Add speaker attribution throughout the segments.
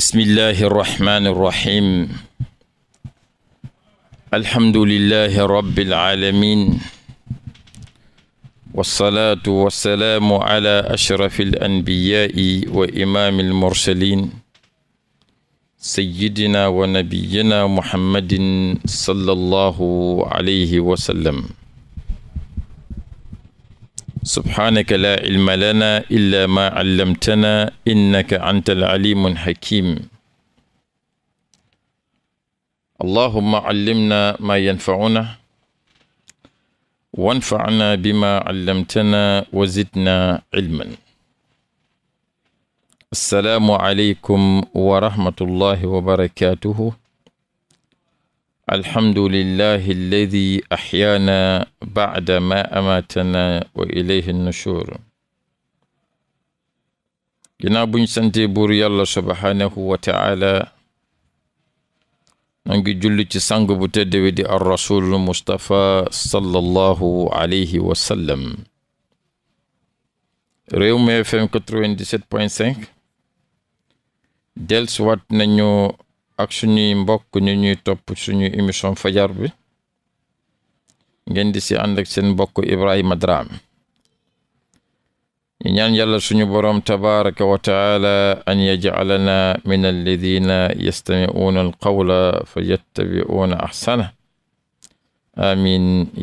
Speaker 1: bismillahi irrahmani irrahim alhamdulilahi rabiilalamin walsalaatu walsalaamu ala ashrafi alanbiyaai wa imaami almursalin sayidina wa nabiyina muhammadin sallallahu alayhi wa sallam subhaanaka laa ilma lanaa illaa maa allamtanaa innaka anta al-aliimu al-hakiim allahumma allimnaa maa yanfa'unaa wanfa'naa bimaa allamtanaa wa zidnaa ilman assalaamu aleykum wa rahmatullaahi wa barakaatuhu alhamdulillahi alladi axyaana bacda ma amaatana wa ilayhi nushur ginnaaw buñ sante buur yàlla subhaanahu wa taala nangi julli ci sang bu tedd wi di ar rasul mustapha sallallahu alayhi wa sallam Rewmi FM 97.5 dellusiwaat nañu ak suñuy mbokk ñu ñuy topp suñu émission fajar bi ngeen di si ànd ak mbokk Ibrahima Drame ñu ñaan yàlla suñu boroom tabaraka wa taala an yajcalana min alladina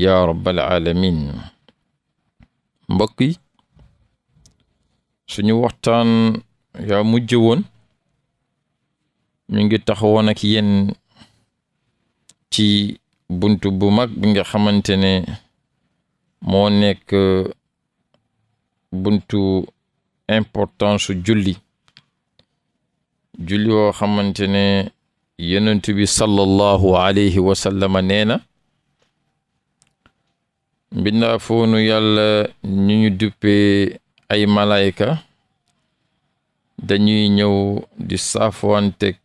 Speaker 1: ya rabbal alamin mbokk waxtaan yaa mujj woon ñu ngi taxawoon ak yéen ci buntu bu mag bi nga xamante ne moo nekk buntu importance su julli julli woo xamante ne yonent bi sallallahu alayhi wa sallama nee na mbindaa foonu yàlla ñu ñu duppee ay malayka dañuy ñëw di saafuwanteeg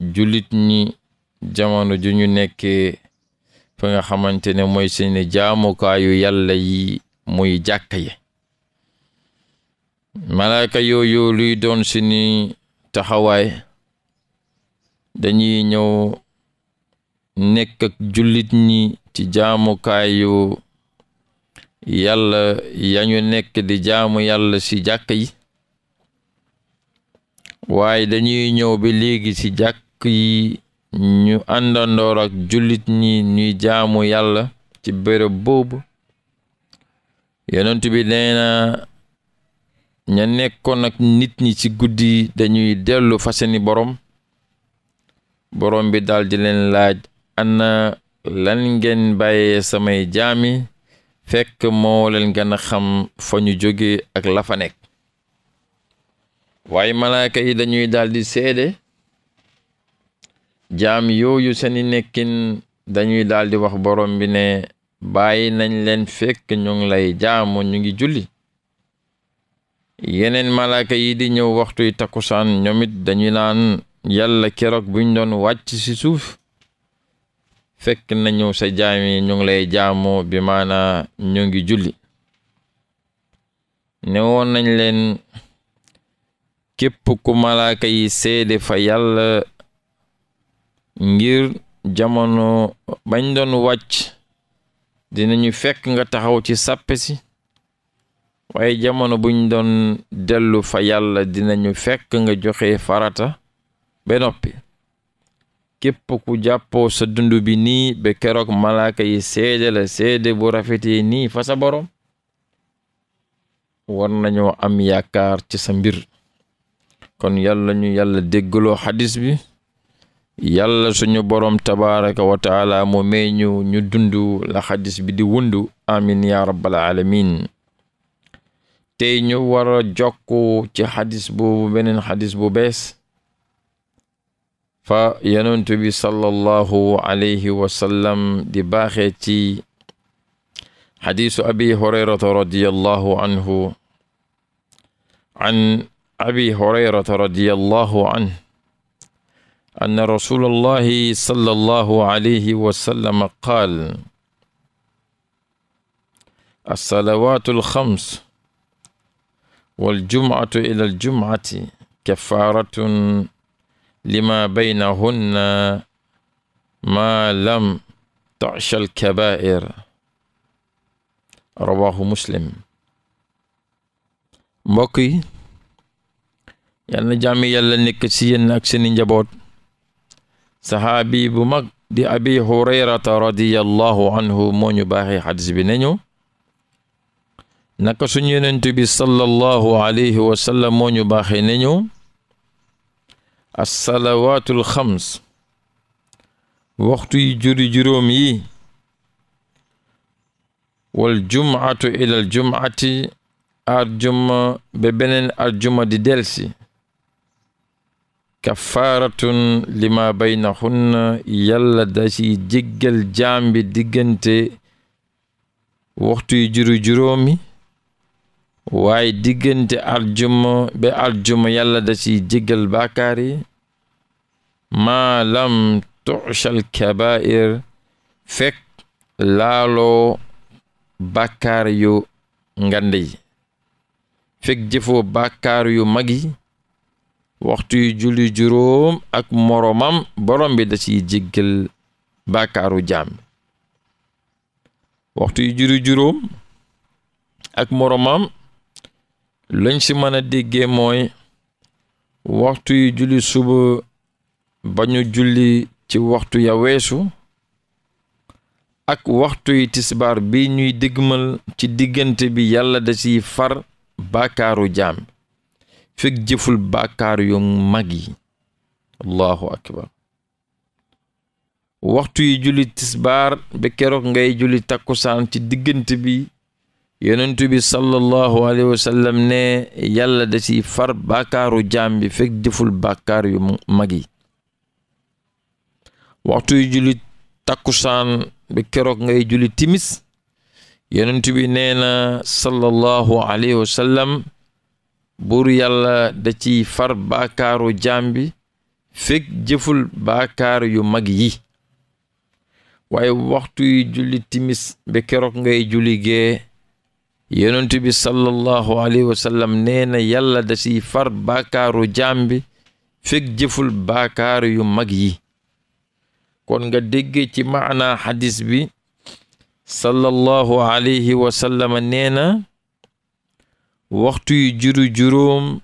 Speaker 1: jullit ñi jamono ju ñu nekkee fa nga xamante ne mooy seeni jaamukaayu yàlla yi muy jàkka yi malaaka yooyu luy doon seeni taxawaay dañuy ñëw nekk ak jullit ñi ci jaamukaayu yàlla yañu nekk di jaamu yàlla si jàkk yi waaye dañuy ñëw bi léegi si jàkk yi ñu àndandoor ak jullit ñi ñuy jaamu yàlla ci bërëb boobu yonent bi nee na ña nekkoon ak nit ñi ci guddi dañuy dellu fa seeni borom borom bi daldi leen laaj ana lan ngeen bàyyee samay jaami fekk moo leen gën a xam fa ñu jóge ak la nekk waaye malaaka yi dañuy daldi seede jaam yooyu seeni nekkin dañuy daldi wax borom bi ne bàyyi nañ leen fekk ñu jaamu ñu ngi julli yeneen malaaka yi di ñëw waxtuy takkusaan ñoom dañuy naan yàlla keroog buñ doon wàcc ci suuf fekk nañu sa jaam yi ñu lay jaamu bi maanaa ñu ngi julli ne woon nañ leen képp ku malaaka yi seede fa yàlla ngir jamono bañ doon wàcc dinañu fekk nga taxaw ci sàppe si waaye jamono buñ doon dellu fa yàlla dinañu fekk nga joxe farata ba noppi képp ku jàppoo sa dund bi nii ba keroog malaaka yi seede la seede bu rafetee nii fa sa boroom war nañu am yaakaar ci sa mbir kon yàlla ñu yàlla déggaloo xadis bi yàlla suñu boroom tabaraka wa taala mu may ñu ñu la xadis bi di wundu amin ya rabbal alamin tey ñu war jokku ci xadis bu beneen xadis bu bees fa yonent bi sallallahu alayhi wa di baaxee ci xadisu abi hurayrata radiyallahu anhu an abi hurayrata radiyallahu anhu أن رسول الله صلى الله عليه وسلم قال الصلوات الخمس والجمعة إلى الجمعة كفارة لما بينهن ما لم تعش الكبائر rawaahu muslim mbokk yi yal na jàmm yàlla nekk ci yéen ak seeni njaboot sahaabi bu mag di abi hurayrata radiyallahu anhu moo ñu baaxee xadis bi nañu naka suñu yonent bi sallallahu alayhi wa sallam moo ñu baaxee nañu assalawaatul xams waxtu yi juri juróom yi wal jumatu ilal jumati arjuma ba beneen arjuma di delsi kafaaratun lima baynahunna yàlla da ci jéggal jaam bi diggante waxtu yu waay diggante aljuma ba aljuma yàlla da ci jéggal baakaar yi maa lam tuchal kabair fekk laaloo bàkkaar yu ngande yi fekk jëfoo bàkkaar yu mag yi waxtu yu julli juróom ak moroomam borom bi da ciy jéggal bàkkaaru jaam waxtu yu julli ak moroomam lañ ci mën a déggee mooy waxtu yu julli suba ba ñu julli ci waxtu ya weesu ak waxtu yi tisbaar bi ñuy digmal ci diggante bi yàlla da ciy far bàkkaaru jaam fekk jëful bàkkaar yu mag waxtu yi julli tisbaar ba keroog ngay julli takkusaan ci diggant bi yonent bi sallallahu alayhi wa ne yàlla da ci far bàkkaaru jaam bi fekk jëful bàkkaar yu mag yi waxtu yi julli takkusaan ba keroog ngay julli timis yonent bi nee sallallahu alayhi wa buur yàlla da ci far baakaaru jaam bi jëful baakaar yu mag yi way waxtu yu julli timis ba keroog ngay julli gee yonent bi sallallahu alayhi wasallam nee na yàlla da ciy far baakaaru jaam bi fekk jëful baakaar yu mag yi kon nga déggee ci maanaa xadis bi sallallahu alayhi wasallam nee waxtu yu juru juróom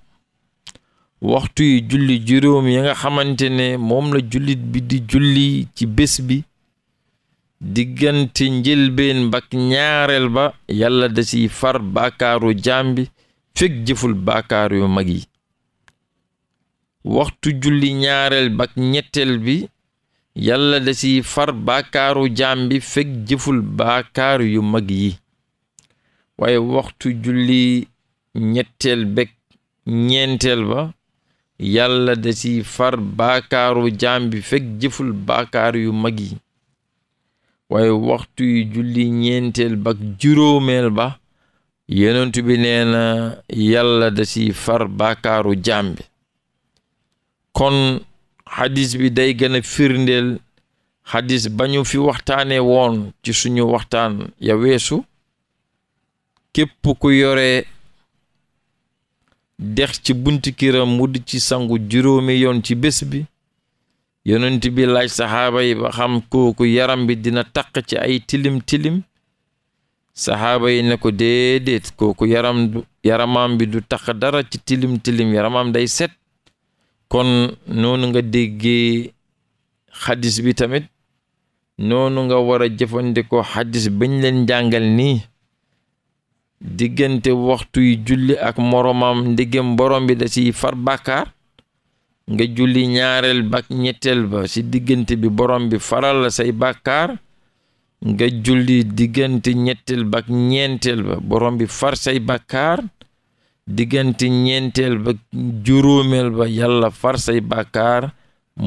Speaker 1: waxtu yu julli juróom ya nga xamante ne moom la jullit bi di julli ci bés bi diggante njëlbeen bak ñaareel ba yàlla da ciy far baakaaru jaam bi fekk jëful baakaar yu mag yi waxtu julli bi yàlla da ciy bi fekk yu mag yi waxtu julli ñettel bég ñeenteel ba yàlla da ci far baakaaru jaam fekk jëful baakaar yu mag yi waaye waxtu yu julli ñeenteel ba ak ba yonent bi nee na yàlla da ci far baakaaru jaam kon xadis bi day gën firndel firndeel xadis ba ñu fi waxtaanee woon ci suñu waxtaan ya weesu képp ku yore dex ci bunti kiram mu ci sangu juróomi yoon ci bés bi yonent bi laaj saxaaba yi ba xam kooku yaram bi dina taq ci ay tilim-tilim saxaaba yi ne ko déedéet kooku yaram yaramam bi du taq dara ci tilim-tilim yaramam day set kon noonu nga déggee xadis bi tamit noonu nga war a jëfandikoo xadis bañ leen jàngal nii diggante waxtuy julli ak moroomam ndigam borom bi da ci far bàkkaar nga julli ñaareel bak ñetteel ba ci diggante bi borom bi faral say bàkkaar nga julli diggante ñetteel bak ñeenteel ba borom bi far say bakkar diggante ñeenteel ba juróomeel ba yàlla far say bakkar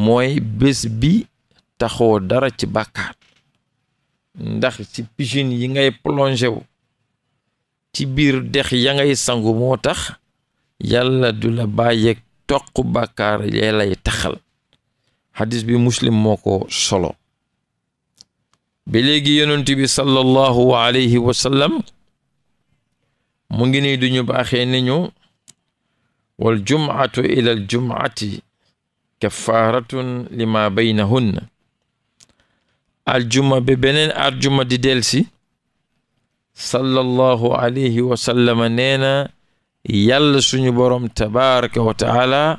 Speaker 1: mooy bés bi taxoo dara ci bàkkaar ndax ci piscine yi ngay plongé wu ci biir dex yangay sangu moo tax yàlla du la bàyyeeg toq bàkkaar yelay lay taxal xadis bi muslim moo ko solo ba léegi yonent bi sallallahu alayhi wa mu ngi nii duñu baaxee nañu wal jum'atu ila al jum'ati kafaaratun lima baynahunna aljuma ba beneen aljuma di delsi sallallahu alayhi wa sallama nee yàlla suñu boroom tabaraka wa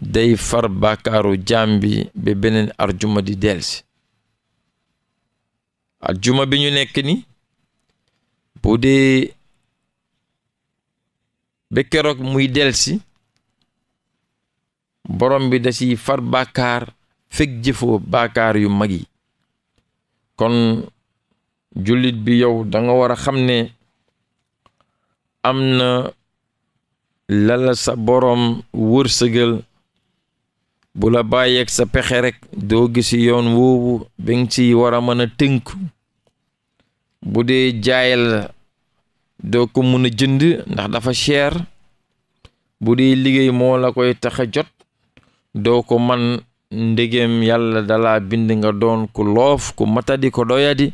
Speaker 1: day far bàkkaaru jaam bi beneen arjuma di delsi arjuma bi ñu nekk ni bu dee ba keroog muy delsi borom bi da far bàkkaar fekk jëfoo bàkkaar yu mag yi kon jullit bi yow danga war a xam ne am na lala sa boroom wërsëgal bu la bàyyeeg sa pexe rekk doo gisi yoon woowu ba nga ci war a mën a tënk bu dee jaay la doo ko mun a jënd ndax dafa cher bu dee liggéey moo la koy taxa jot doo ko man ndegem yàlla dala bind nga doon ku loof ku matadi ko doyadi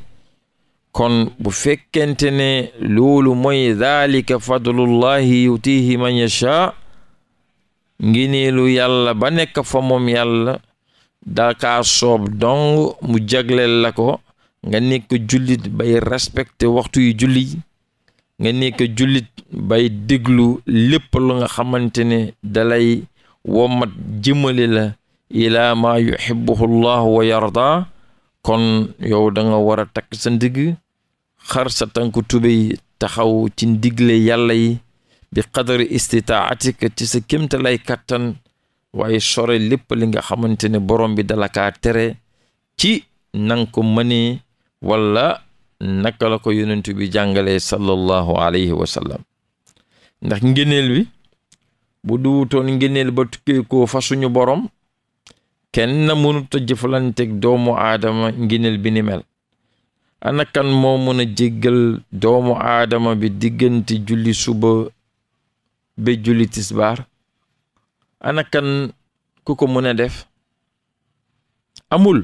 Speaker 1: kon bu fekkente ne loolu mooy daalika fadlullahi yutihi man yasha ngineelu yàlla ba nekk fa moom yàlla dakaa soob dong mu jaglel la ko nga nekk jullit bay respecté waxtu yu julli nga nekk jullit bay diglu lépp la nga xamante ne dalay womat jëmale la ilaa yu yuhibbuhu llahu wa yarda kon yow danga nga war a takk sa ndigg xar sa tànku tubéy taxaw ci ndigle yàlla yi bi qadari istitaatika ci sa kémtalay kàttan waaye sore lépp li nga xamante ne borom bi dalakaa tere ci nang ko mënee wala naka la ko yonentu bi jàngalee sallallahu alayhi wa ndax ngëneel bi bu duwutoon ngëneel ba tukkee ko fa suñu borom kenn mënut a jëfalanteeg doomu aadama ngineel bi ni ana kan moo mën a jéggal doomu aadama bi diggante julli suba ba julli tisbaar ana kan ku ko mën a def amul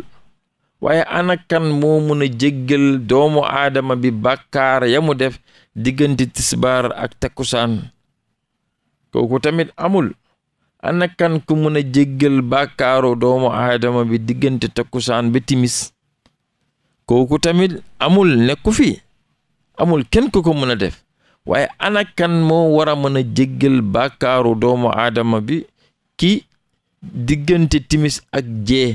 Speaker 1: waaye ana kan moo mën a jéggal doomu aadama bi bakkaar ya mu def diggante tisbaar ak takkusaan kooku tamit amul ana kan ku mën a jéggal bàkkaaru doomu aadama bi diggante takkusaan bi timis kooku tamit amul nekku fi amul kenn ku ko mën a def waaye ana kan moo war a mën a jéggal bàkkaaru doomu aadama bi ki diggante timis ak jee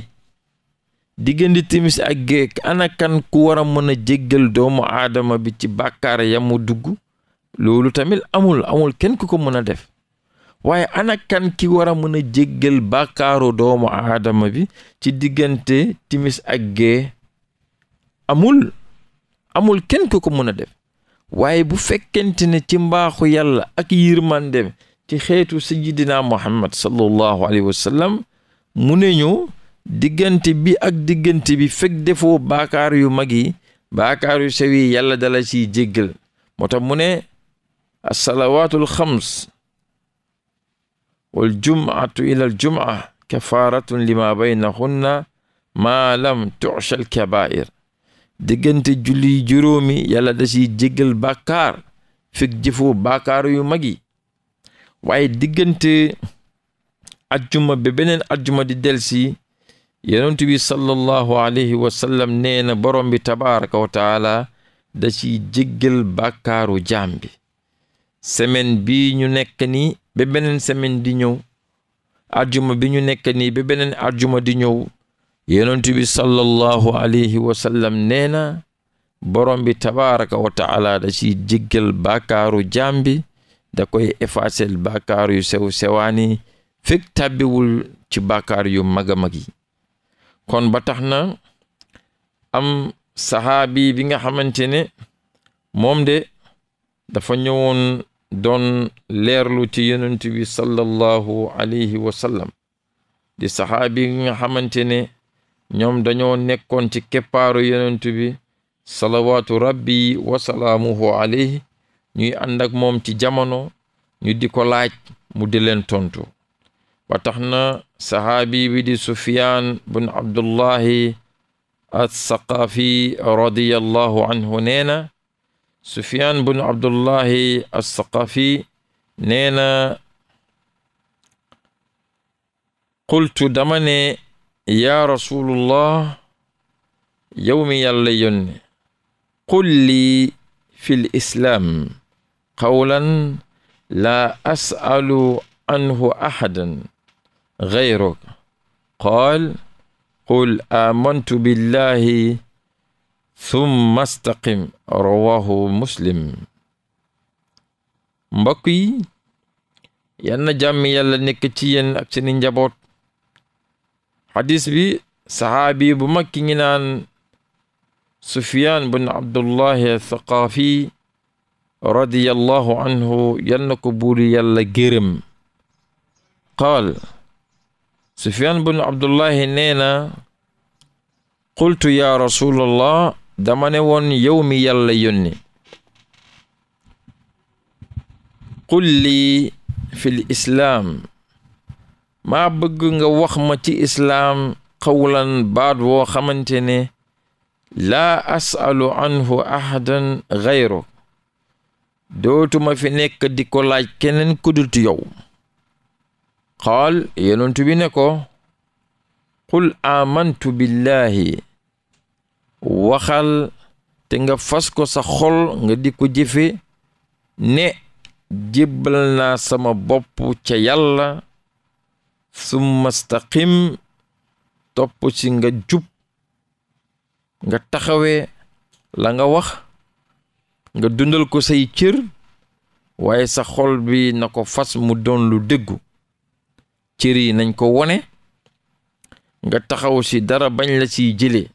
Speaker 1: diggante timis ak géeg ana kan ku war a mën a jéggal doomu aadama bi ci bàkkaar ya mu dugg loolu tamit amul amul kenn ku ko mën a def waaye ana kan ki war a mën a jéggal bàkkaaru doomu aadama bi ci diggante timis ak amul amul kenn ko mën a def waaye bu fekkente ne ci mbaaxu yàlla ak yërmandem ci xeetu sayyidina muhammad sallallahu alayhi wa mu ne ñu diggante bi ak diggante bi fekk defoo baakaar yu mag yi baakaar yu sew yi yàlla dala ciy jéggal moo mu ne assalawaatul xams wal jum'atu ilal jum'a kafaaratun lima baynahunna maa lam tuchal kabair diggante julli juróomi yàlla da ciy jéggal bàkkaar fekk jëfoo yu mag yi waaye diggante ajjuma ba beneen ajjuma di delsi yonent bi sallallahu alayhi wa sallam nee na borom bi tabaraka wa taala da ciy jéggal bàkkaaru ni ba beneen semaine di ñëw ajuma bi ñu nekk nii ba beneen ajjuma di ñëw yonent bi sallallahu alayhi wa sallam nee na borom bi tabaraka wa taala da ci jéggal baakaaru jaam bi da koy effacer baakaar yu sew sewaani fekk tàbbiwul ci baakaar yu mag a mag yi kon ba am sahaabi bi nga xamante ne moom de dafa ñëwoon doon leerlu ci yonent bi sallallahu alayhi wa di saxaabi nga xamante ne ñoom dañoo nekkoon ci keppaaru yonent bi salawaatu rabbi wa alayhi ñuy ànd moom ci jamono ñu di ko laaj mu di leen tontu ba na saxaabi bi di sufiyaan bun abdullahi as-saqafi radiyallahu anhu nee na sufiyaan bun abdullahi alsaqafi nee na qultu dama ne yaa rasulullah yow mi yàlla yónne qul lii fi l islaam qawlan laa as'alu anhu ahadan gayruk qaal qul aamantu billahi summa staqim rawahu muslim mbokk yi yal na jàmm yàlla nekk ci yéen ak seeni njaboot xadis bi saxaabi bu mag ki ngi naan sufiyaan bun abdullahi athaqaafi radiyallahu anhu yal na ko buuri yàlla gërëm qaal sufiyaan bun abdullahi nee na qultu ya rasulallah dama ne woon yow mi yàlla yónni qul lii fil islaam maa bëgg nga wax ma ci islaam qawlan baat woo xamante ne laa asalu anhu ahadan gayro dootuma fi nekk di ko laaj keneen kudut yow qaal yonent bi ne ko qul amantu billahi waxal te nga fas ko sa xol nga di ko jëfe ne jébbal naa sama bopp ca yàlla summa staqim topp ci nga jub nga taxawee la nga wax nga dundal ko say cër waaye sa xol bi na ko fas mu doon lu déggu cër yi nañ ko wone nga taxaw ci dara bañ la ciy jëlee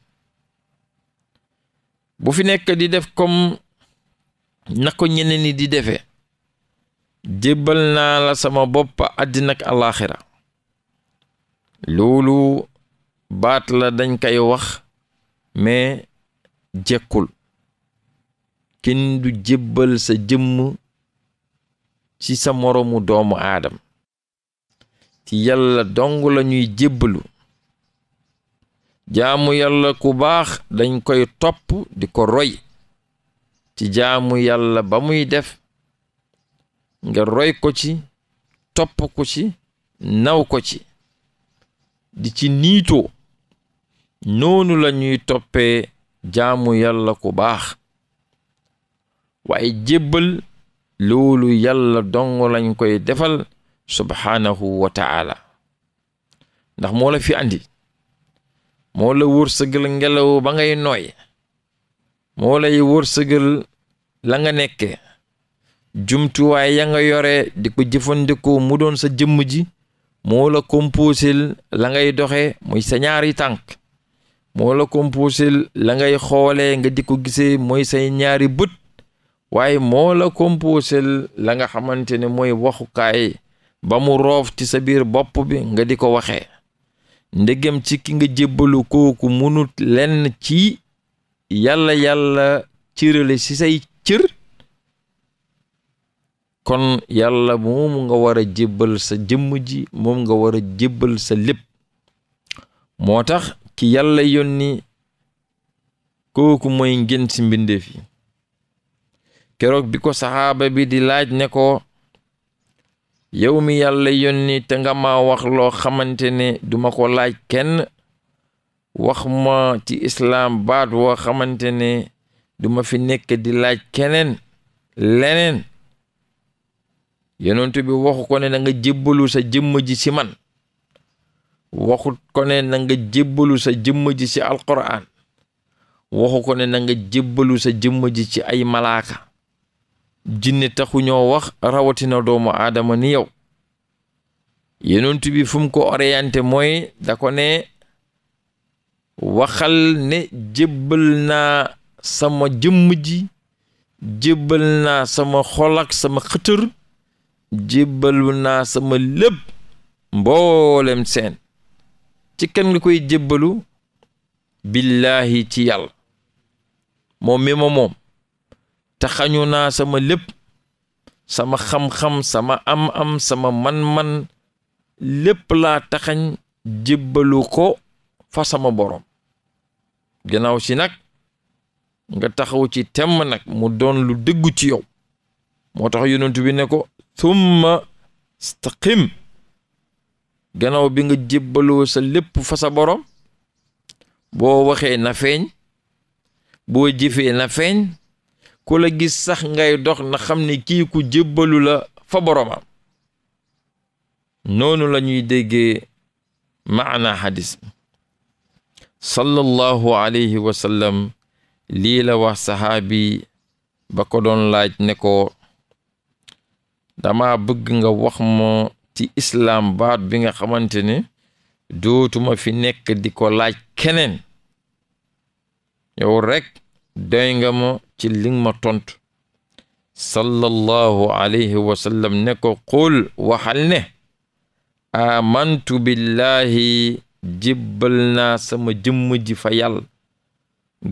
Speaker 1: bu fi nekk di def comme na ko ñeneen ñi di defe jébbal naa la sama bopp àddina ak alaaxira loolu baat la dañ koy wax mais jekkul kenn du jébbal sa jëmm ci sa moroomu doomu aadam ci yàlla dong la ñuy jébbalu jaamu yàlla ku baax dañ koy topp di ko roy ci jaamu yàlla ba muy def nga roy ko ci topp ko ci naw ko ci di ci niitoo noonu lañuy ñuy toppee jaamu yàlla ku baax waaye jébbal loolu yàlla dong lañ koy defal subhaanahu wa ndax moo la fi andi moo la wërsëgal ngelaw ba ngay nooy moo lay wërsëgal la nga nekke jumtuwaay ya nga yore di ko jëfandikoo mu doon sa jëmm ji moo la composel la ngay doxe muy sa ñaari tànk moo la composel la ngay xoolee nga di ko gisee mooy say ñaari bët waaye moo la composel la nga xamante ne mooy waxukaay ba mu roof ci sa biir bopp bi nga di ko waxee ndegem ci ki nga jébbalu kooku munut lenn ci yàlla yàlla cërale ci say cër kon yàlla moom nga war a jébbal sa jëmm ji nga war jébbal sa lépp moo tax ki yàlla yónni kooku mooy ngën ci mbindeef yi keroog bi ko saxaaba bi di laaj ne ko yow mi yàlla yónni te nga ma wax loo xamante ne duma ko laaj kenn wax ma ci islaam baat woo xamante ne duma fi nekk di laaj keneen leneen yonent bi waxu ko ne na nga jébbalu sa jëmm ji ci man waxut ko ne na nga sa jëmm ji ci alquraan waxu ko ne na nga jébbalu sa jëmm ji ci ay malaaka jinne taxu ñoo wax rawatina doomu aadama ni yow yonent bi fu mu ko orienté mooy dako ne waxal ne jébbal naa sama jëmm ji jébbal naa sama xolak sama xëtër jébbal naa sama lépp mboolem seen ci kan nga koy jébbalu billaahi ci yàlla moom mi moom taxañu naa sama lépp sama xam-xam sama am-am sama man-man lépp laa taxañ jébbalu ko fa sama boroom gannaaw si nag nga taxaw ci temm nag mu doon lu dëggu ci yow moo tax yonent bi ne ko thumma staqim gannaaw bi nga jébbaloo sa lépp fa sa boroom boo waxee na boo jëfee na ku la gis sax ngay dox na xam ne kii jébbalu la fa boroomam noonu la ñuy déggee maana xadis sallallahu alayhi wa lii la wax saxaabi ba ko doon laaj ne ko dama bëgg nga wax mo ci islaam baat bi nga xamante ne dootuma fi nekk di ko laaj keneen yow rekk doy nga ma ci li ma tontu sallallahu alayhi wa ne ko qul waxal ne amantu billahi jibbal naa sama jëmm ji fa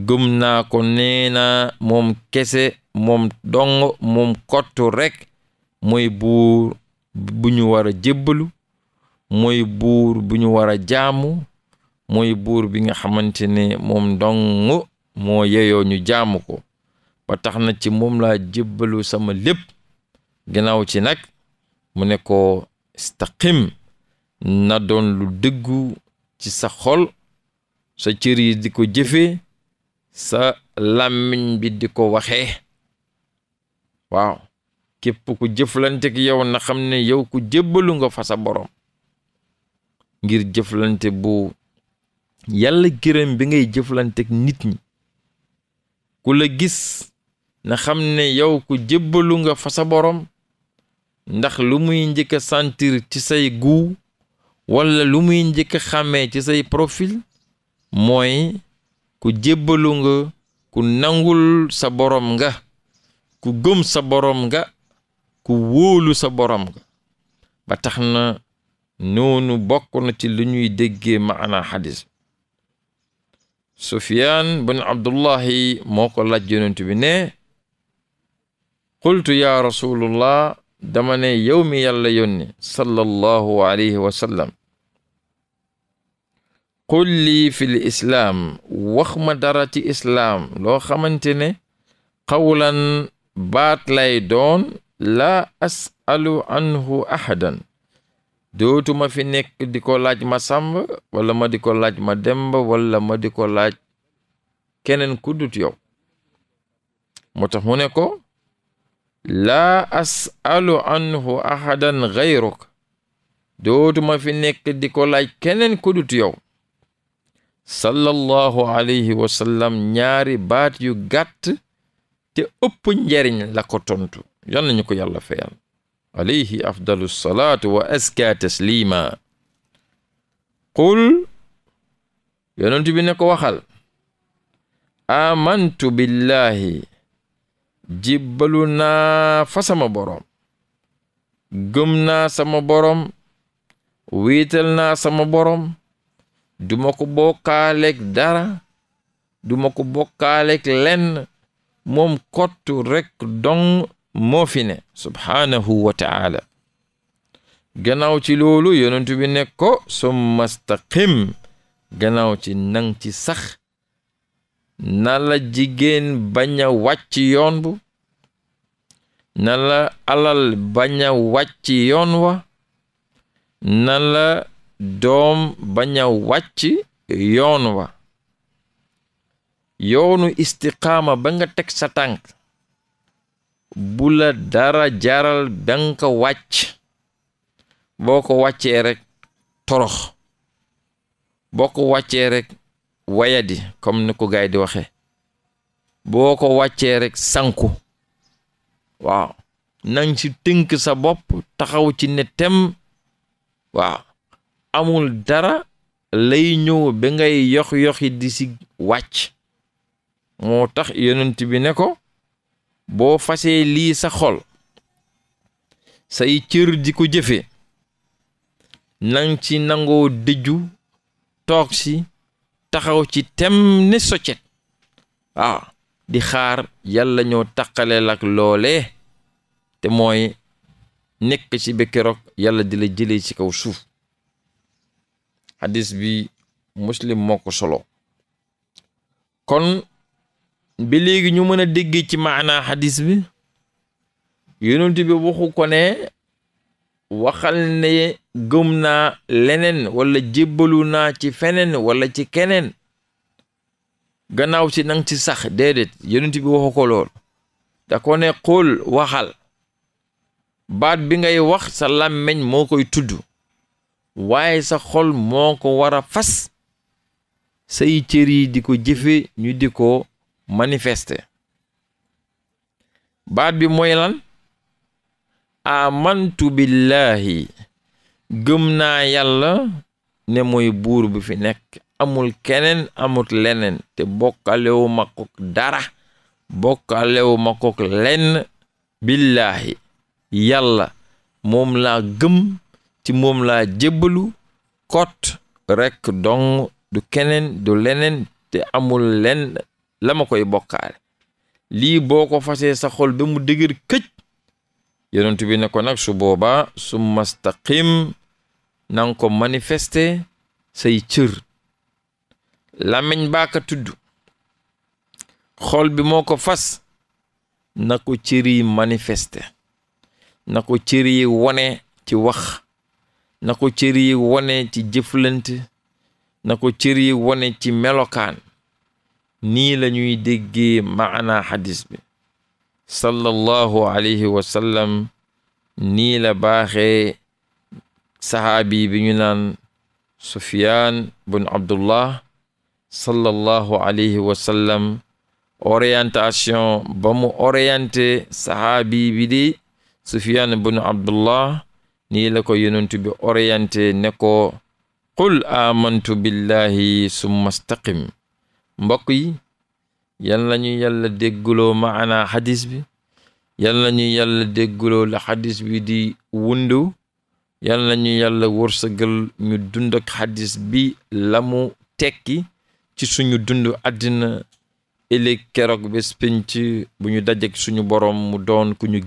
Speaker 1: gëm naa ko nee naa moom kese moom dong moom kottu rekk mooy buur bu ñu war a jébbalu mooy buur bu ñu war a jaamu mooy buur bi nga xamante ne moom dong moo yeyoo ñu jaamu ko ba tax na ci moom laa jébbalu sama lépp ginnaaw ci nag mu ne ko istaqim na doon lu dëggu ci sa xol sa cër di ko jëfee sa làmmiñ bi di ko waxee waaw képp ko jëflante ak yow na xam ne yow ko jébbalu nga fa sa borom ngir jëflante bu yàlla gërëm bi ngay jëflante ak nit ñi ku la gis na xam ne yow ku jébbalu nga fa sa borom ndax lu muy njëkk a sentir ci say guu walla lu muy njëkk a xàmmee ci say profil mooy ku jébbalu nga ku nangul sa borom nga ku gëm sa borom nga ku wóolu sa borom nga ba tax na noonu bokk na ci lu ñuy déggee maanaa xadis sufiyaan bun abdullahi moo ko laaj yonent bi ne qultu yaa rasulullah dama ne yow mi yàlla yónni sallallahu alayhi wa sallam qul lii fi l islaam wax ma dara ci islaam loo xamante ne qawlan baat lay doon laa asalu anhu ahadan dootuma fi nekk di ko laaj ma sàmb wala ma laaj ma demb wala ma di laaj keneen ku dut yow moo tax mu ne ko laa asalu anhu ahadan gayruk dootuma fi nekk di ko laaj keneen ku dut sallallahu alayhi wa ñaari baat yu gàtt te ëpp njariñ la ko tontu nañu ko yàlla fayal alayhi afdalu salaatu wa aska taslima qul yonent bi ne ko waxal amantu billahi jibbalu naa fa sama boroom gëm naa sama wiital naa sama boroom duma ko bokkaaleeg dara duma ko bokkaaleeg lenn moom kottu rekk dong moo fi ne subhaanahu wa ta'ala gannaaw ci loolu yonentu bi ne ko summa staqim gannaaw ci nang ci sax na la jigéen bañ a wàcc yoon na la alal bañ a wàcc yoon wa na la doom bañ a wàcc yoon wa yoonu istiqaama ba nga teg sa tànk bu la dara jaral ba nga wàcc boo ko wàccee rekk torox boo ko wàccee rek wayadi comme ni ko gaay waxe boo ko wàccee rekk sanku waaw nang ci tënk sa bopp taxaw ci ne tem waaw amul dara lay ñëw ba ngay yox yoxi di si wàcc moo tax yonent bi ne ko boo fasee lii sa xol say cër di ko jëfe nang ci nangoo dëjju toog ci taxaw ci tem ne soccet waaw di xaar yàlla ñoo taqaleel ak loolee te mooy nekk ci ba keroog yàlla di la jëlee ci kaw suuf hadis bi muslim moo ko solo kon ba léegi ñu mën a déggee ci maanaa xadis bi yonent bi waxu ko ne waxal ne gëm naa leneen walla jébbalu naa ci feneen walla ci keneen gannaaw si nang ci sax déedéet yonent bi waxu ko lool da ko ne xool waxal baat bi ngay wax sa làmmiñ moo koy tudd waaye sa xol moo ko war a fas say cër yi di ko jëfe ñu di ko manifeste baat bi mooy lan amantu billaahi gëm naa yàlla ne mooy buur bi fi nekk amul keneen amul leneen te bokkalewu ma ko dara bokkalewu ma ko lenn billaahi yàlla moom laa gëm ci moom laa jébbalu kot rekk dong du keneen du leneen te amul lenn lama koy bokkaale lii boo ko fasee sa xol ba mu dëgër këj yonent bi ne ko nag su boobaa su mastaqim na ko manifeste say cër làmmiñ baaka tudd xol bi moo ko fas na ko cër manifeste na ko cër yi wone ci wax na ko cër yi wone ci jëflante na ko cër yi wone ci melokaan nii la ñuy déggee maana xadis bi sallallahu alayhi wa sallam nii la baaxee saxaabi bi ñu naan sufyaan bun abdullah sallallahu alayhi wa sallam orientation ba mu orienté saxaabi bi di sufyaan bun abdullah nii la ko yonent bi orienté ne ko qul amantu billahi summa staqim mbokk yi yal na ñu yàlla dégguloo maana xadis bi yal na ñu yàlla dégguloo la xadis bi di wundu yal na ñu yàlla wërsëgal ñu dund xadis bi lamu tekki ci suñu dund àddina ëllëg keroog bés pénc bu ñu dajek suñu boroom mu doon ku ñu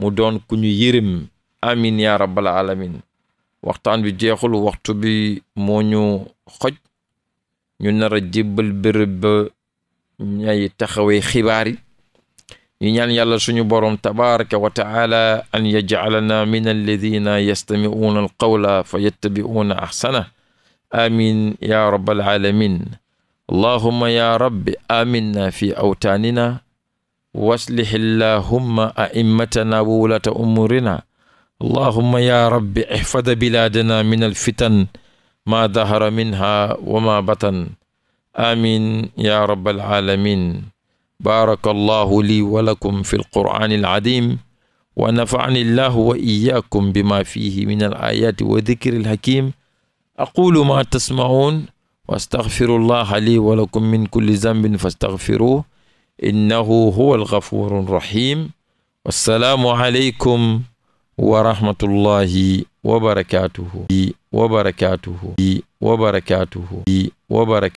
Speaker 1: mu doon ku ñu yërëm amin yaa alamin waxtaan bi jeexul waxtu bi moo xoj ñu nar a jébbal bërëb ba ñay taxawee xibaar yi ñu ñaan yàlla suñu boroom tabaraka wa taala an yajcalana min alladina yastamicuuna alqawla fa yattabicuuna axsana amin ya rabbal alamin allahuma ya rabbi aminna fi awtaanina waslih allahumma aimmatana wa wulata umurina allahuma ya rabbi ihfada bilaadana min alfitan ma dahara minha wa ma batan amin ya rabbal alamin baraka allahu lii wa lakum fi alqur'ani alazim wa nafa'ani allahu wa iyyakum bima fihi min alayati wa dhikri alhakim aqulu ma tasma'un wa astaghfiru allaha lii wa lakum min kulli dhanbin fastaghfiruhu innahu huwa alghafuru rahim wassalaamu alaykum wa rahmatullahi wa barakatuhu wa barakatuhu wa barakatuhu wa